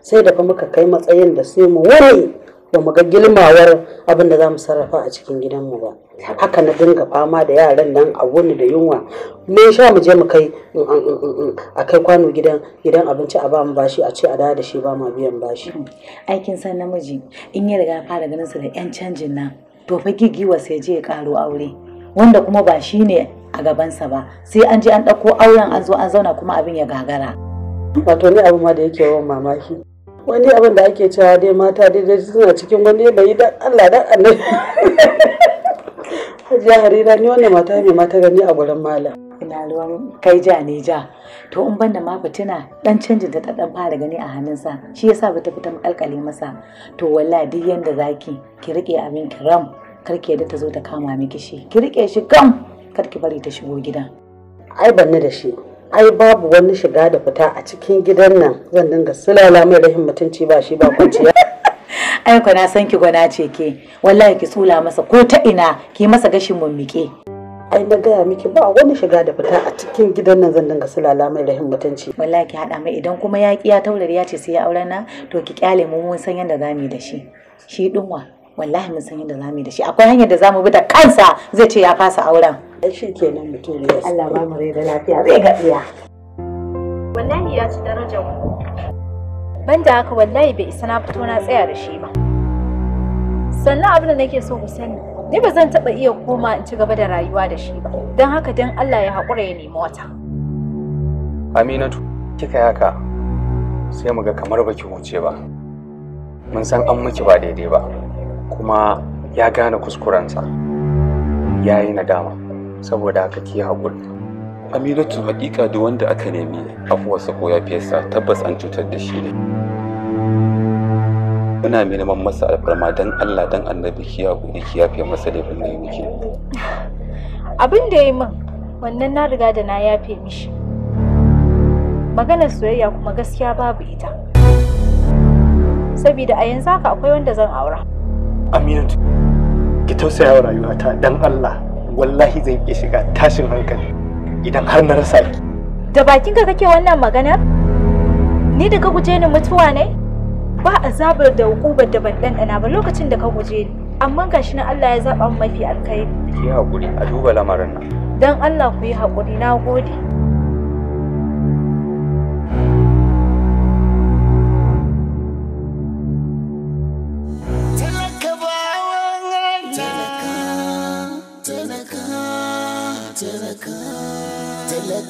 sai da fa muka kai matsayin da sai mu wani ba mu ga gilmawar abin da za mu sarrafa a cikin gidanmu ba haka na dinga fama da yaran nan a wani da yunwa me sha mu je mu kai a kai kwano gidan gidan abinci a ba mu bashi a ce a da da shi ba ma biyan bashi hmm. aikin san namiji in ya riga fara ganin su da yan canjin nan to fa gigiwa sai je ya karo aure wanda kuma ba shi ne a gabansa ba sai an je an ɗauko auren an zo an zauna kuma abin ya gagara wato ne abu ma da yake yawan mamaki wani abin da ake cewa dai mata dai suna cikin wani bai da Allah dan *laughs* Hajiya Harira ni wannan mata mai mata gani a gurin malam ina ruwan kai ja ne ja to in banda ma fitina dan canjin da ta dan fara gani a hannunsa shi yasa ta fita makalkale masa to wallahi duk yanda zaki ki rike abin kiram ram ki da ta zo ta kama miki shi ki rike shi gam kar ki bari ta shigo gidan ai banne da shi ai babu wani shiga da fita a cikin gidan nan zan dinga sulala mai rahin mutunci ba shi ba kwanciya *laughs* ai kwana, san ki gwana ce ke wallahi ki tsula masa ko ta ina ki masa gashin mummike ai na gaya miki ba wani shiga da fita a cikin gidan nan zan dinga sulala mai rahin mutunci wallahi ki hada mai idan kuma ya ya taurari ya ce sai ya aure na to ki kyale mu mun san yanda zamu yi da shi shi dinwa wallahi mun san yadda zamu yi da shi akwai hanyar da zamu bi da kansa zai ce ya kasa auren shi kenan mutum ne Allah ba mu rai da lafiya zai ga iya wallahi ya ci darajar mu banda haka wallahi bai isa na fito na tsaya da shi ba sannan abin da nake so ku sani ni ba zan taɓa iya koma in ci gaba da rayuwa da shi ba don haka don Allah ya haƙura ya nemi wata Aminatu kika yaka sai mu ga kamar baki huce ba mun san an miki ba daidai ba kuma ya gane kuskurensa ya yi nadama saboda haka ke haƙuri aminatu haƙiƙa da wanda aka nemi afuwarsa ko ya fesa tabbas an cutar da shi ne muna neman masa alfarma don allah don annabi ki haƙuri ki yafe masa laifin da yi abin da ya yi min wannan na riga da na yafe mishi maganar soyayya kuma gaskiya babu ita saboda a yanzu haka akwai wanda zan aura Aminatu, ki tausaya wa rayuwata dan Allah wallahi zai iya shiga tashin hankali idan har na rasa ki. Da bakinka kake wannan maganar? Ni da ka guje ni mutuwa ne? Ba azabar da hukubar da ban ɗanɗana ba lokacin da ka guje ni. Amma gashi na Allah ya zaɓa mafi alkhairi. Ki haƙuri a duba lamarin nan. Dan Allah ku yi haƙuri na gode.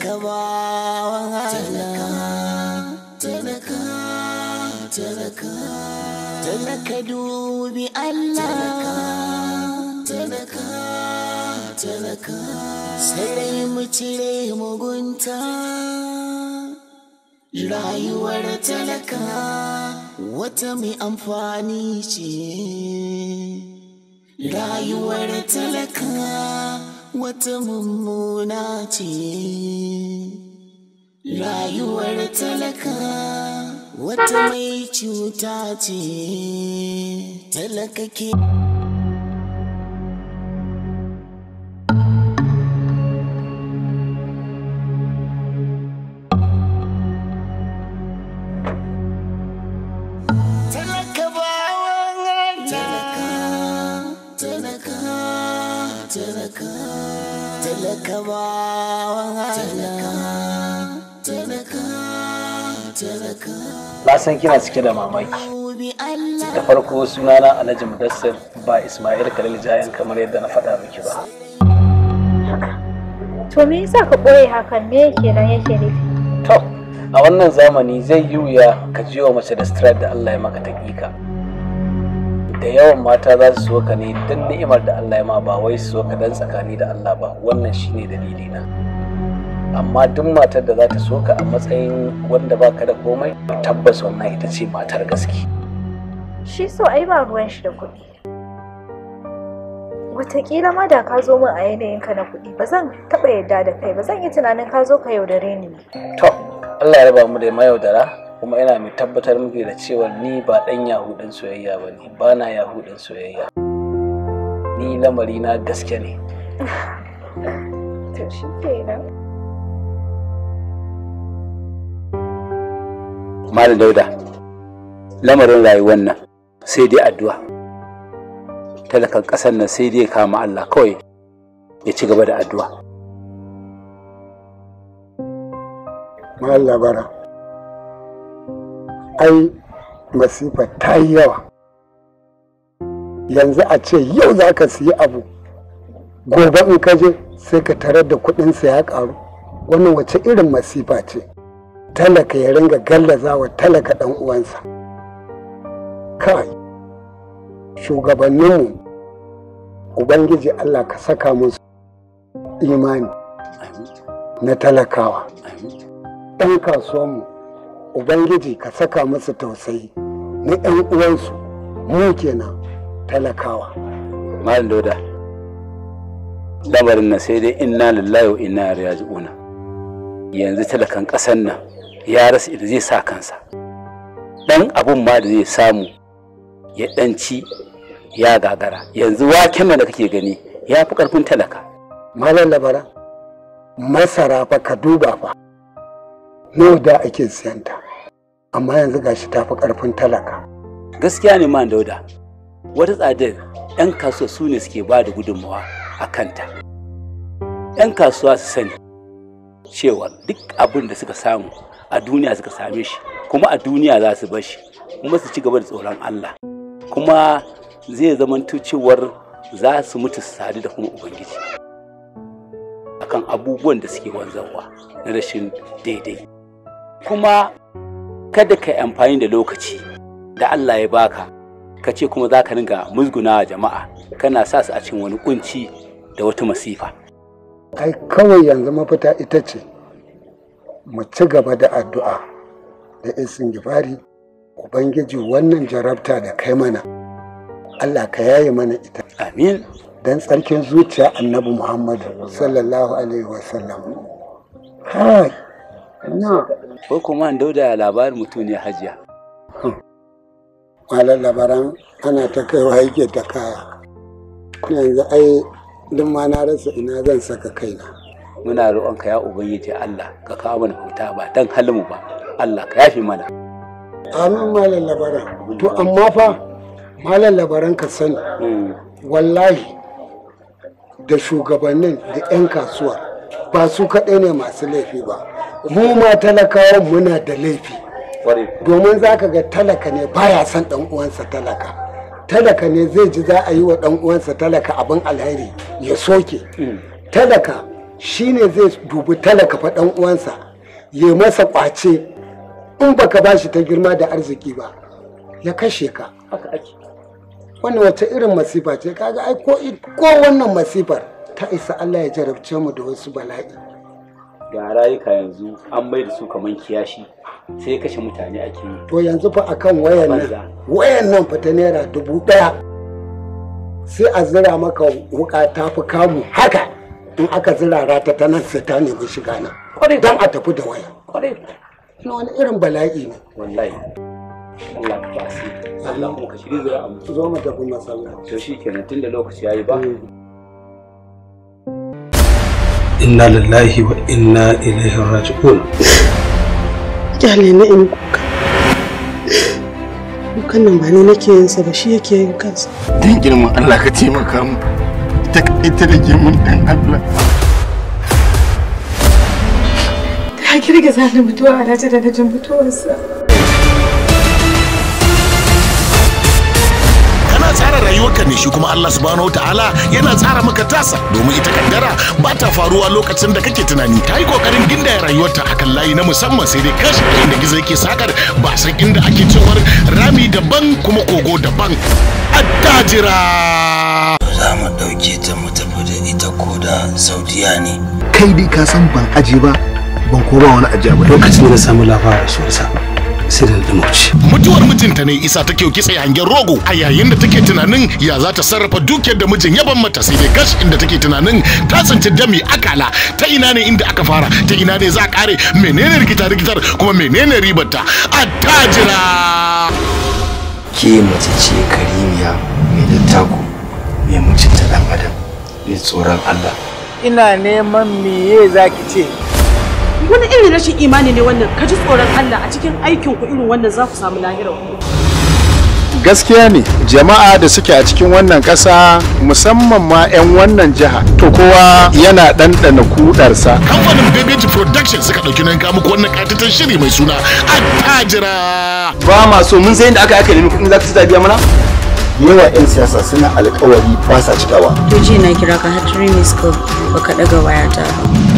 talaka bawan Allah talaka talaka talaka dubi Allah talaka talaka sai mu cire mugunta rayuwar talaka wata mai amfani ce rayuwar talaka wata mummuna ce rayuwar talaka wata mai cuta ce talaka ke na san kina cike da mamaki da farko sunana alhaji mudassir ba ismail khalil jayan kamar yadda na faɗa miki ba to me yasa ka ɓoye hakan me yake nan yake ne? to a wannan zamani zai yi wuya ka ji wa mace da stress da Allah ya maka taƙiƙa da yawan mata za su so ka ne don ni'imar da Allah ya ma ba wai su so ka dan tsakani da Allah ba wannan shine dalilina. na amma duk matar da za ta so ka a matsayin wanda ba ka da komai tabbas wannan ita ce matar gaske shi so ai ba ruwan shi da kuɗi wataƙila ma da ka zo min a yanayin ka na kuɗi ba zan taɓa yarda da kai ba zan yi tunanin ka zo ka yaudare ni to Allah ya raba mu da yaudara kuma ina mai tabbatar muke da cewa ni ba ɗan yahudin soyayya ba ne ba na yahudin soyayya ni lamari na gaske ne *laughs* to shi kenan Malam Dauda, lamarin rayuwar nan sai dai addu'a. Talakan ƙasar nan sai dai kama Allah kawai ya ci gaba da addu'a. Allah bara, ai masifa ta yi yawa. Yanzu a ce yau za ka siya abu, gobe in ka je sai ka tarar da kuɗinsa ya ƙaru. Wannan wace irin masifa ce? talaka ya ringa gallaza wa talaka ɗan uwansa kai shugabanninmu ubangiji allah ka saka musu imani na talakawa ɗan kasuwanmu ubangiji ka saka musu tausayi na 'yan uwansu mu kenan talakawa malam Doda, lamarin na sai dai inna lillahi wa inna ilaihi raji'una yanzu talakan ƙasan nan ya rasa ido zai sa kansa ɗan abun ma da zai samu ya ɗanci ya gagara yanzu waken da kake gani ya fi ƙarfin talaka malam labara masara fa ka duba fa nawa da ake siyanta amma yanzu gashi ta fi ƙarfin talaka gaskiya ne man dauda wata tsadar 'yan kasuwa su ne suke ba da gudunmawa a kanta 'yan kasuwa su sani cewa duk abin da suka samu a duniya suka same shi kuma a duniya za su bashi kuma su ci gaba da tsoron Allah kuma zai zama cewar za su mutu su sadu da kuma ubangiji akan abubuwan da suke wanzarwa na rashin daidai kuma kada ka yi amfani da lokaci da Allah ya baka ka ce kuma za ka ringa musguna jama'a kana sa su a cikin wani kunci da wata masifa kai kawai yanzu mafita ita ce mu ci gaba da addu'a da isin gifari ubangiji wannan jarabta da kai mana allah ka yaye mana ita amin don tsarkin zuciya annabi muhammadu sallallahu alaihi wasallam hai na ko kuma an dauda labarin mutum ne hajiya hmm. malar labaran ana ta kaiwa yake ta kaya yanzu ai duk ma na rasa ina zan saka kaina muna roƙonka ya ubangiji Allah ka kawo mana fita ba dan halmu ba Allah ka yafi mana amin malam labaran to amma fa malam labaran ka sani hmm. wallahi da shugabannin da 'yan kasuwa ba su kaɗai ne masu laifi ba mu ma talakawa muna da laifi domin za ka ga talaka ne baya son ɗan uwansa talaka talaka ne zai ji za a yi wa ɗan uwansa talaka abin alheri ya soke hmm. talaka shine zai dubi talaka fa dan uwansa ya masa kwace in baka ba shi ta girma da arziki ba ya kashe ka wannan wata irin masifa ce kaga ai ko ko wannan masifar ta isa Allah ya jarabce mu da wasu bala'i ga rayuka yanzu an bai da su kaman kiyashi sai kashe mutane a yi to yanzu fa akan wayan nan wayan nan fa ta naira dubu daya sai a zira maka wuka ta fi kamu haka in aka zirara ta ta nan sai ta nemi shiga na don a tafi da waya na wani irin bala'i ne wallahi basi Allah kuma ka mm. inna lillahi wa inna ilaihi raji'un kyale na in kuka dukkan nan ba ne nake yin sa ba shi yake yin kansa dan girman Allah ka taimaka mu ta ita da mun ɗan Allah. Ta girgiza da mutuwa a dace da dajin mutuwarsa. Kana tsara rayuwarka ne shi kuma Allah subhanahu ta'ala yana tsara maka tasa domin ita kaddara ba ta faruwa lokacin da kake tunani ta yi kokarin gindaya rayuwarta akan layi na musamman sai dai kashi inda gizo yake sakar ba san inda ake cewar rami daban kuma kogo daban attajira za mu ta mu tafi da ita ko da saudiya ne kai dai ka san ban aje ba ban ko ba wani ajiya ba lokacin da samu labarin sa sai da dumauci mutuwar mijinta ne isa ta take kitse hangen rogo a yayin da take tunanin ya za ta sarrafa dukiyar da mijin ya ban mata sai dai gash inda take tunanin ta tsinci dami akala ta ina ne inda aka fara ta ina ne za a kare menene rikitar rikitar kuma menene ribarta a tajira ke mace ce karimiya mai dattako mai mutunta ɗan adam mai tsoron Allah. Ina neman meye za ki ce? Wani irin rashin imani ne wannan ka ji tsoron Allah a cikin aikin ku irin wannan za ku samu lahirar Gaskiya ne jama'a da suke a cikin wannan ƙasa musamman ma 'yan wannan jiha to kowa yana ɗanɗana kudarsa. Kamfanin Babyji Production suka ɗauki nan kamu wannan ƙatatar shiri mai suna Attajira. Ba ma so mun sai inda aka aka nemi kuɗin za ka ci biya mana? yawa 'yan siyasa suna alkawari ba sa cikawa. To ji na kira ka har three miss call baka daga wayata.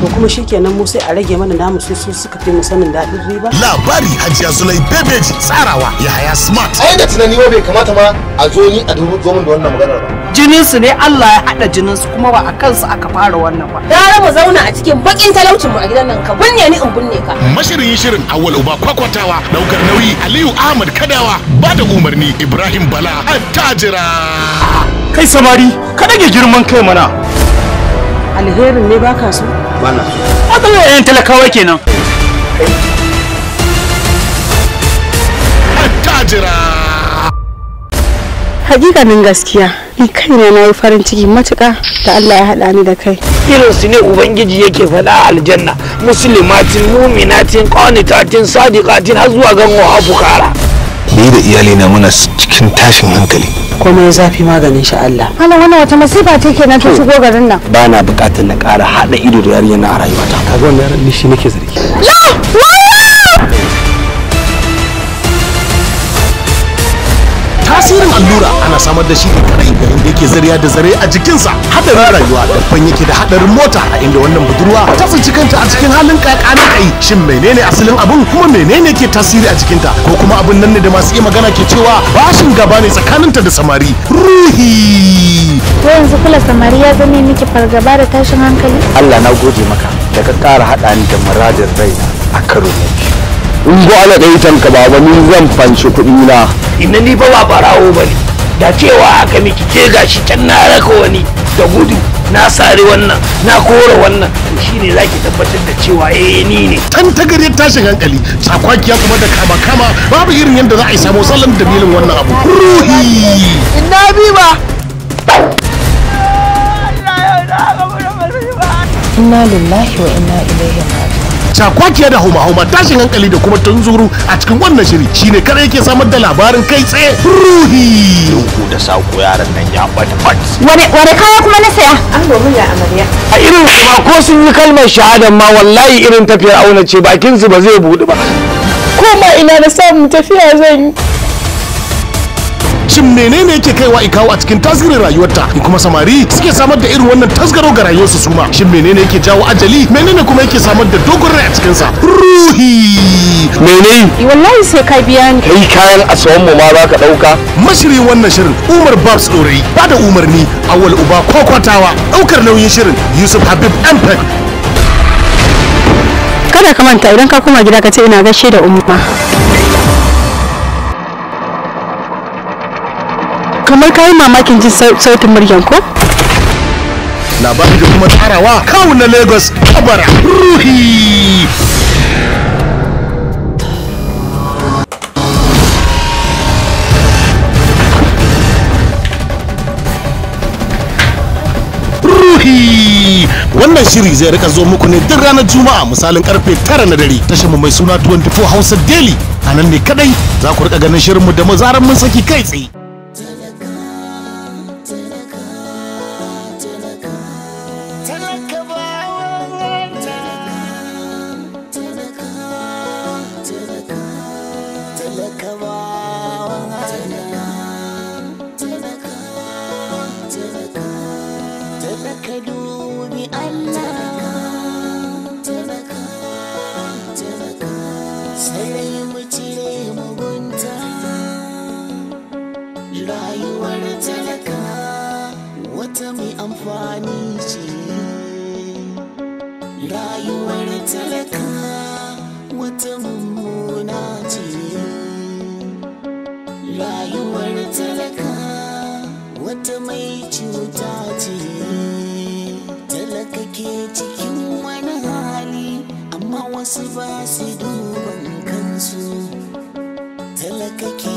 To kuma shikenan mu sai a rage mana namu su su suka fi mu sanin daɗin riba. Labari Hajiya Zulai Bebeji tsarawa Yahaya Smart. Ai da tunani bai kamata ma a zo ni a dubu zo da wannan maganar ba. jininsu ne Allah ya haɗa jininsu kuma ba a kansu aka fara wannan ba. Gara mu zauna a cikin bakin talaucin mu a gidan nan ka binne ni in binne ka. Mashirin shirin Awal Uba kwakwatawa daukar nauyi Aliyu Ahmad Kadawa ba da umarni Ibrahim Bala attajira. Kai samari ka dage girman kai mana. Alherin ne baka so? Bana. Haka ne 'yan talakawa kenan. Attajira. hakikanin gaskiya ni kaina na yi farin ciki matuka da Allah ya haɗa ni da kai irin su ne ubangiji yake faɗa a aljanna musulmatin muminatin qanitatin sadiqatin har zuwa gan wa fukara ni da iyali na muna cikin tashin hankali kuma ya zafi maganin shi Allah Allah wannan wata masifa ce nan ta shigo garin nan ba na buƙatar na ƙara haɗa ido da yarinya na a rayuwata kaga wannan ni shi nake zargi tasirin allura ana samar da shi da kare yayin da yake zariya da zare a jikinsa hadarin rayuwa daban yake da hadarin mota a inda wannan budurwa ta tsinci kanta a cikin halin kakani kai shin menene asalin abun kuma menene ke tasiri a jikinta ko kuma abun nan ne da masu iya magana ke cewa bashin gaba ne tsakaninta da samari ruhi Ko yanzu kula samari ya zame miki fargaba da tashin hankali Allah na gode maka da ka kara haɗa ni da muradin raina a karo na in go ala ɗaitan ka baba ni zan fanshi kuɗi na Ina ni ba ba barawo ba ne da cewa aka miki ke gashi can na raka wani da gudu na sare wannan na kora wannan to shine zaki tabbatar da cewa eh ni ne tan ta ta tashin hankali sakwakiya kuma da kama kama babu irin yadda za a yi samu salon milin wannan abu ruhi inna bi ba inna lillahi wa inna ilaihi raji'un cakwakiya da hauma-hauma tashin hankali da kuma tunzuru a cikin wannan shiri shine kada yake samar da labarin kai tsaye ruhi ko da sako yaran nan ya bata bat wane kaya kuma na saya an domin ya amarya a irin ba ko sun yi kalmar shahadan ma wallahi irin tafiyar auna ce bakin su ba zai budu ba ko ma ina na samu tafiya zan yi shin menene yake kaiwa ikawo a cikin tasirin rayuwarta in kuma samari suke samar da irin wannan tasgaro ga rayuwarsu su ma shin menene yake jawo ajali menene kuma yake samar da dogon rai a cikin sa ruhi mene eh, wallahi sai ka biya ni kai kayan asawan mu ma zaka dauka mashiri wannan shirin Umar Babs Dorai ba da umarni awal uba kokwatawa daukar nauyin shirin Yusuf Habib Mpeg kada ka manta idan ka koma gida ka ce ina gaishe da umma kamar kayi mamakin jin sautin muryan ko labari da kuma tsarawa kawo na lagos kabara ruhi wannan shiri zai rika zo muku ne duk ranar juma'a misalin karfe 9 na dare tashar mai suna 24 hausa daily a nan ne kadai za ku rika ganin shirinmu da zarar mun saki kai tsaye cuta ce talaka ke cikin wani hali amma wasu ba su duban kansu talaka ke